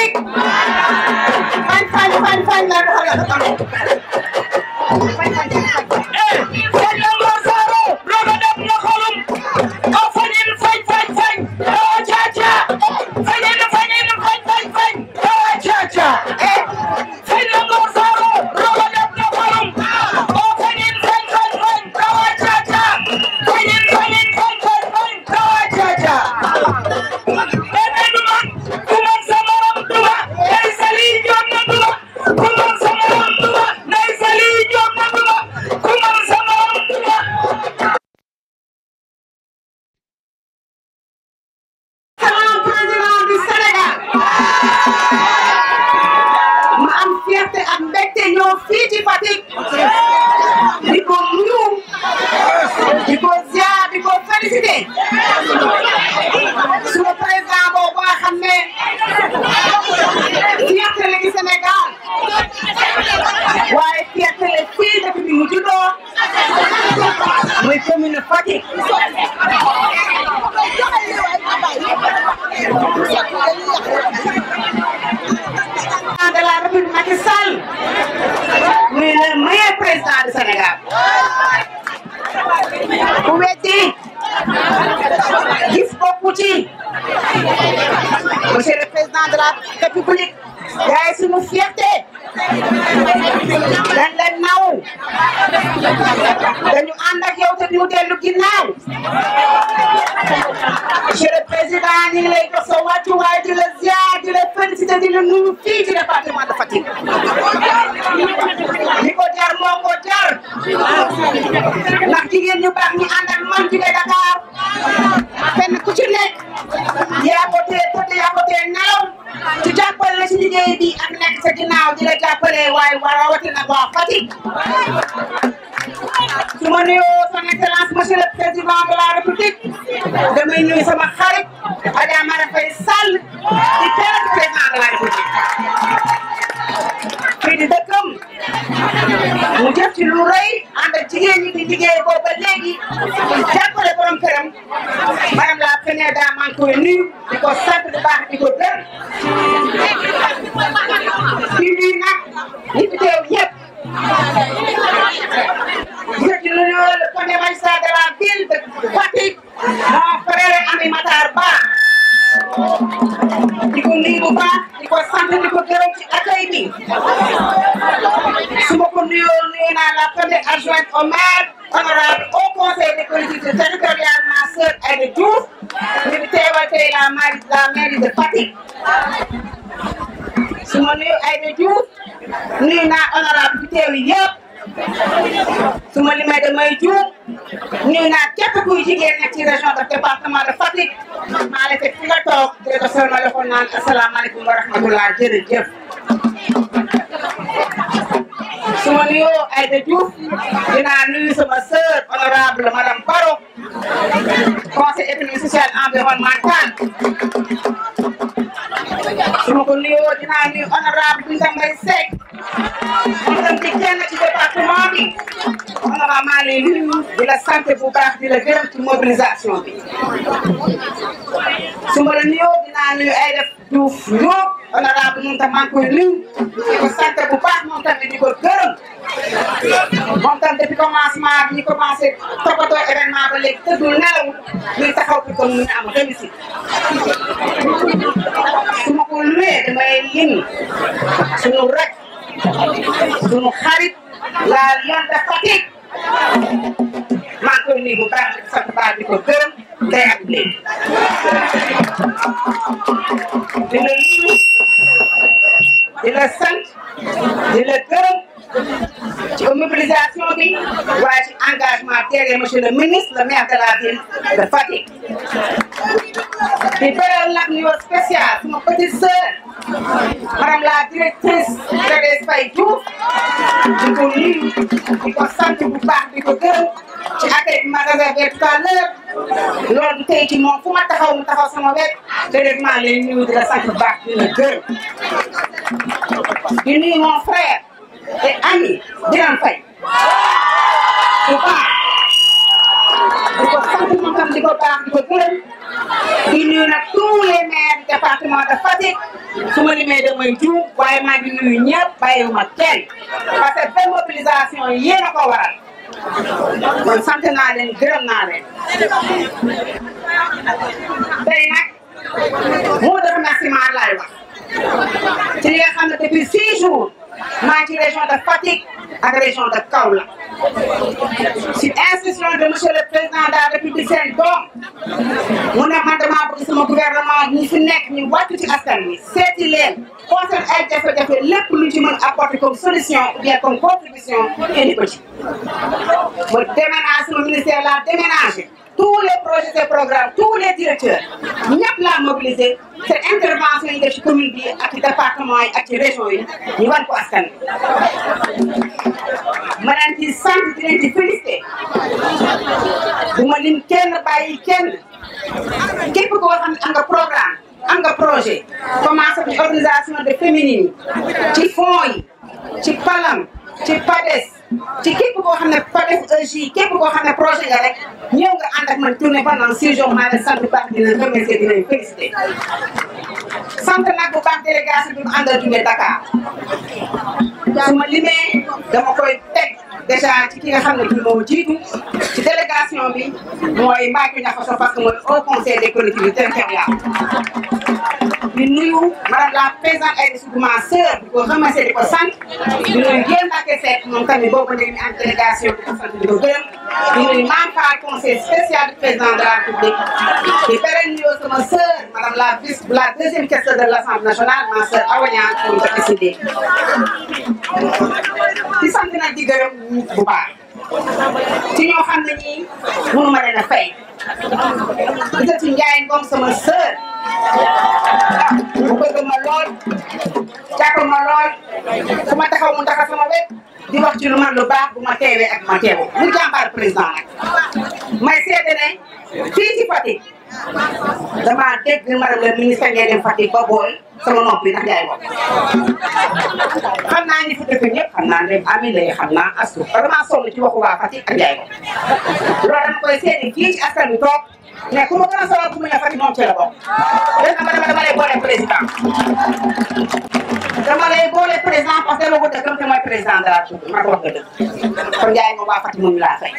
Fan, fan, fan, fan. Laro, laro, laro. suñu président boobu nga xam ne fierté la ci Sénégal waaye fierté la fii dëkk bi mu juddoo muy commune Fatick de la République Macky Sall muy le meilleur président du Sénégal bu wetti monsieur le président de la république yaay sunu fierté dañ leen naw dañu ànd ak yow te ñu dellu ginnaaw monsieur le président ñu ngi lay jox sa wàccuwaay di la ziar di la félicité di la nuyu fii ci département de Fatick li ko jar moo ko jar ndax jigéen ñu baax ñi ànd ak man jóge Dakar fenn ku ci nekk yaa ko tee tëdd yaa ko tee nelaw ci jàppale la ci liggéey bi ak nekk sa ginnaaw di la jàppale waaye rawatina waa Fatick su ma nuyoo son excellence monsieur le président de la république damay nuyu sama xarit Adja Mara Faye Sall di teel président de la république fii di dëkkam mu jëf ci lu rëy ànd ak jigéen ñi di liggéey boobu ba léegi jàppale borom këram madame Sénégal a ngi koy nuyu di ko sant bu baax di ko gër di nuyu nag ñi fi teew yëpp yëpp di nuyu le premier magistrat de la ville de Fatick mon frère Ami Matar Ba di ko nuyu bu baax ko sant di ko gërëm ci accueil bi su ma ko nuyoo nuyu naa la première adjointe au maire honorable au conseil des collectivités territoriales ma sœur Aïda Diouf mi ngi teewal tey la la mairie de Fatick su ma nuyu Aïda Diouf nuyu naa honorable bi teew yëpp su ma limee damay juum nuyu naa képp kuy jigéen nekk ci région de département de Fatick maa la fekk fi nga toog di ko sol ma loxo naan asalaamaaleykum wa rahmatullah jërëjëf. su ma nuyoo Aïda Diouf dinaa nuyu sama sœur honorable madame Baro conseil économique su ma ko nuyoo dinaa nuyu honorable Binta Mbaye Seck moom tam di kenn ci département bi honorable maa lay nuyu di la sant bu baax di la gërëm ci mobilisation bi su ma la nuyoo dinaa nuyu ay def Diouf Diop honorable moom tam maa ngi koy nuyu di ko sant bu baax moom tamit di ko gërëm moom tam depuis commencement bi ñu commencé toppatoo événement ba léegi tëddul nelaw muy taxaw bi comme ni ñu am remercié nii bu pratique sant baa di ko gërëm tey ak léegi. di la nuyu di la sant di la gërëm ci mobilisation bi waaye ci engagement terrain monsieur le ministre le maire de la ville de Fatick. nos petites sœurs, madame la directrice Thérèse Faye Diouf di ko di ko sant bu di ko gërëm ci accueil bi ma réservé tout à l'heure loolu du tey ma taxaw sama wet déedéet maa leen nuyu di la sant di la gërëm di mon frère et ami Birame Faye bu di ko sant moom tam di ko baax di ko gërëm di nuyu nag tous les de Fatick su ma limee damay juum waaye maa ngi nuyu ñëpp bàyyiwuma kenn parce que benn mobilisation yéen a ko waral kon sant naa leen gërëm naa leen. tey nag mot de remerciement laay wax ci li nga depuis six jours maa ngi ci région de Fatick ak région de Kaolack. ci instruction de monsieur le président de la doom mu ne man damaa bëgg sama gouvernement ñi fi nekk ñu wàcc ci askan wi seeti leen conseil ay jafe-jafe lépp lu ci mën apporter comme solution ou bien comme contribution indi ko ci ma déménage sama ministère la déménagé tous les projets et programmes tous les directeurs ñëpp laa mobiliser te intervention yi def ci commune bi ak ci département yi ak ci région yi ñu war ko askan ma leen ci sant di leen ci félicité bu ma lim kenn bàyyi kenn képp koo xam ne am nga programme am nga projet commencé ci organisation de féminine ci fonds yi ci palam ci PADES ci képp koo xam ne fa def EJ képp ne projet nga rek ñëw nga ànd ak man tournée pendant six jours maa leen sant bu baax di leen remercier di leen nag bu baax délégation bi mu àndal jugee Dakar su ma limee dama koy teg. dèjà ci ki nga xam ne bii moo jiitu ci délégation bi mooy Mbacke Niakhoso parce que mooy au conseil des di nuyu madame la présidente ay sugu ma sœur di ko remercier di ko sant di nuyu yéen Mbacke Seck moom tamit boobu léegi ñu am délégation di ko sant di ko gërëm. di nuyu Mame Fall spécial président de la République di la vice la deuxième questeur de l'Assemblée nationale ma sœur Awa Niang pour nga décider. di sant nag di gërëm bu baax ci ñoo xam ne ñii mënu ma leen a fay di jot ci Ndiaye Ngom sama sœur ah ma lool jàpp ma lool fu ma taxaw mu taxaw sama wet. di wax ci lu man lu baax bu ma teewee ak ma teewee mu jàmbaar président nag may seede ne fii ci Fatick damaa dégg madame la ministre ngay dem Fatick ba booy sama nopp bi ndax jaay ko xam naa ni fu dëkk ñëpp xam naa ne Amine lay xam naa astu vraiment sonn ci waxu waa Fatick ak jaay ko loolu dama koy seeti fii ci askan bi toog mais ku ma gën a sawar ku mu ne Fatick moom ci la bokk léegi ma dama dama lay boole président dama lay boole président parce que ma ko dëkkam te mooy président de la République ma ko wax nga dëgg kon jaay moom waa Fatick moom laa fay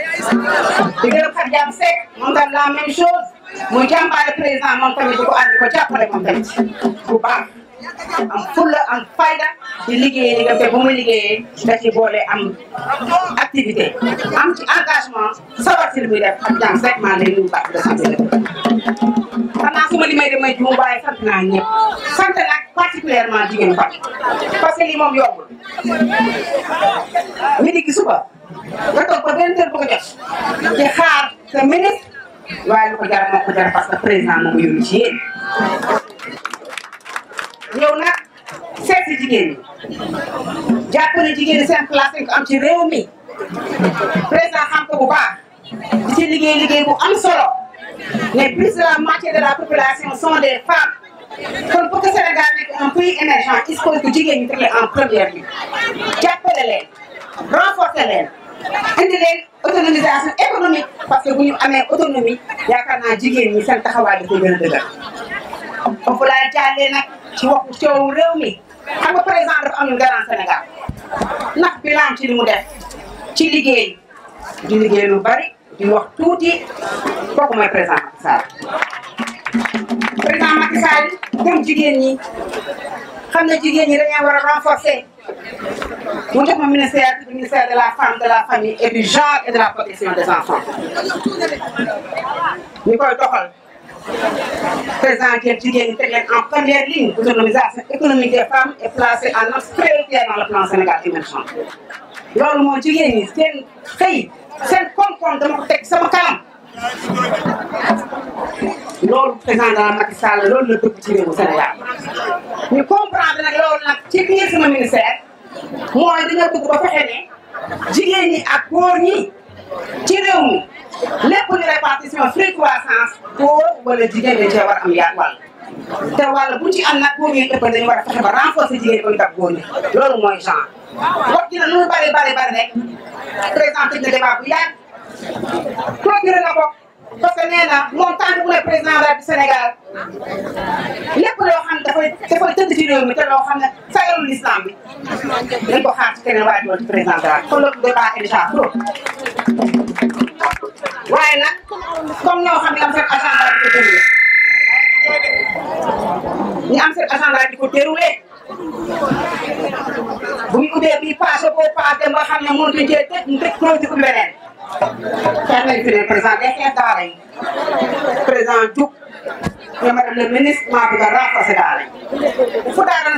di gërëm Fatou Diagne Seck moom tam la même chose muy jàmbaare président moom tamit di ko ànd di ko jàppale moom tamit bu baax am fulla am fayda di liggéeyee li nga fekk bu muy boole am activité am engagement sabar si li muy def ak jàng rek maa lay nuyu baax di la sant la. xanaa su ma li naa ñëpp sant naa parce que lii moom yombul mi di gi suba nga ba benn heure bu ko xaar sa ministre. waaye lu ko jar moo parce que président moo ko yónni yow nag seet si jigéen ñi jàpp ne jigéen ñi seen ci réew mi président xam ko bu baax di ci liggéey liggéey bu am solo mais plus de la moitié de la population sont des femmes kon pour que Sénégal nekk un pays émergent il faut que jigéen ñi teg leen en première ligne jàppale leen renforcer leen. indi leen autonomisation économique parce que bu amee amee autonomie yaakaar naa jigéen ñi seen taxawaay dafay gën a dëgër. foofu laa jàllee nag ci waxu coow réew mi xam nga président dafa garant Sénégal ndax bilan ci li mu def ci liggéey di liggéey bari di wax tuuti kooku mooy président Macky Sall. président Macky jigéen ñi xam na jigéen ñi dañoo war a mu def ma ministère ministère de la femme de la famille et du genre et de la protection des enfants ñu koy doxal président jël jigéen ñi teg leen en première ligne autonomisation économique des femmes et placée en axe prioritaire dans le plan Sénégal émergent loolu moo jigéen ñi seen xëy seen koom-koom dama ko teg sama kanam loolu président dana Macky Sall loolu la dëkk ci réewu Sénégal ñu comprendre nag loolu nag ci biir sama ministère mooy dañoo bëgg ba fexe ne jigéen ñi ak góor ñi ci réew mi lépp lu répartition fruit croissance góor wala jigéen dañ cee war a am yaat wàll. te wàll bu ci am nag góor ñi ëpp war a fexe ba renforcer jigéen ba ñu dab góor ñi loolu mooy genre wax dina lu bari bari bari rek président tëj na débat bu yàgg procureur na ko. parce que nee na président de la Sénégal lépp loo xam dafay dafay tëdd ci te loo xam ne sagalul dañ ko xaar ci keneen waaye doon ci président de la kon loolu débat est déjà trop waaye nag comme ñoo xam ne am seen agenda di ko déroulé ñu am seen agenda di ko déroulé bu ñu ubbee bii passé boo passé ba xam ne mënut a jël tëj ñu tëj ñëw ci ku beneen xeex nañu fi ne président day xeex daara yi président Diouf mais madame le ministre maa bëgg a renforcer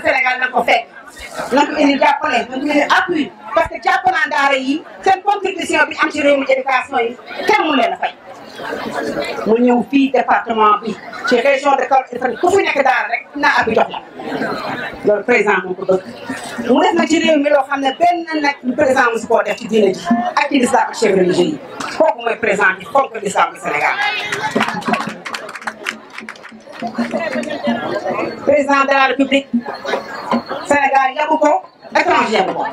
Sénégal na ko fekk na ko indi jàppale na ko parce que jàpp naa daara yi seen contribution bi am ci réew mi éducation yi kenn mu leen a fay. mu ñëw fii département bi ci région de Kaolack fan ku fi rek naa appui jox la loolu président moo ko bëgg mu def na ci mi loo xam ne benn nag président mosu koo def ci diine ji ak ci lislaam ak chef religieux yi kooku mooy président bi fonk lislaam bi Sénégal. président de la république Sénégal yabu ko étranger yabu ko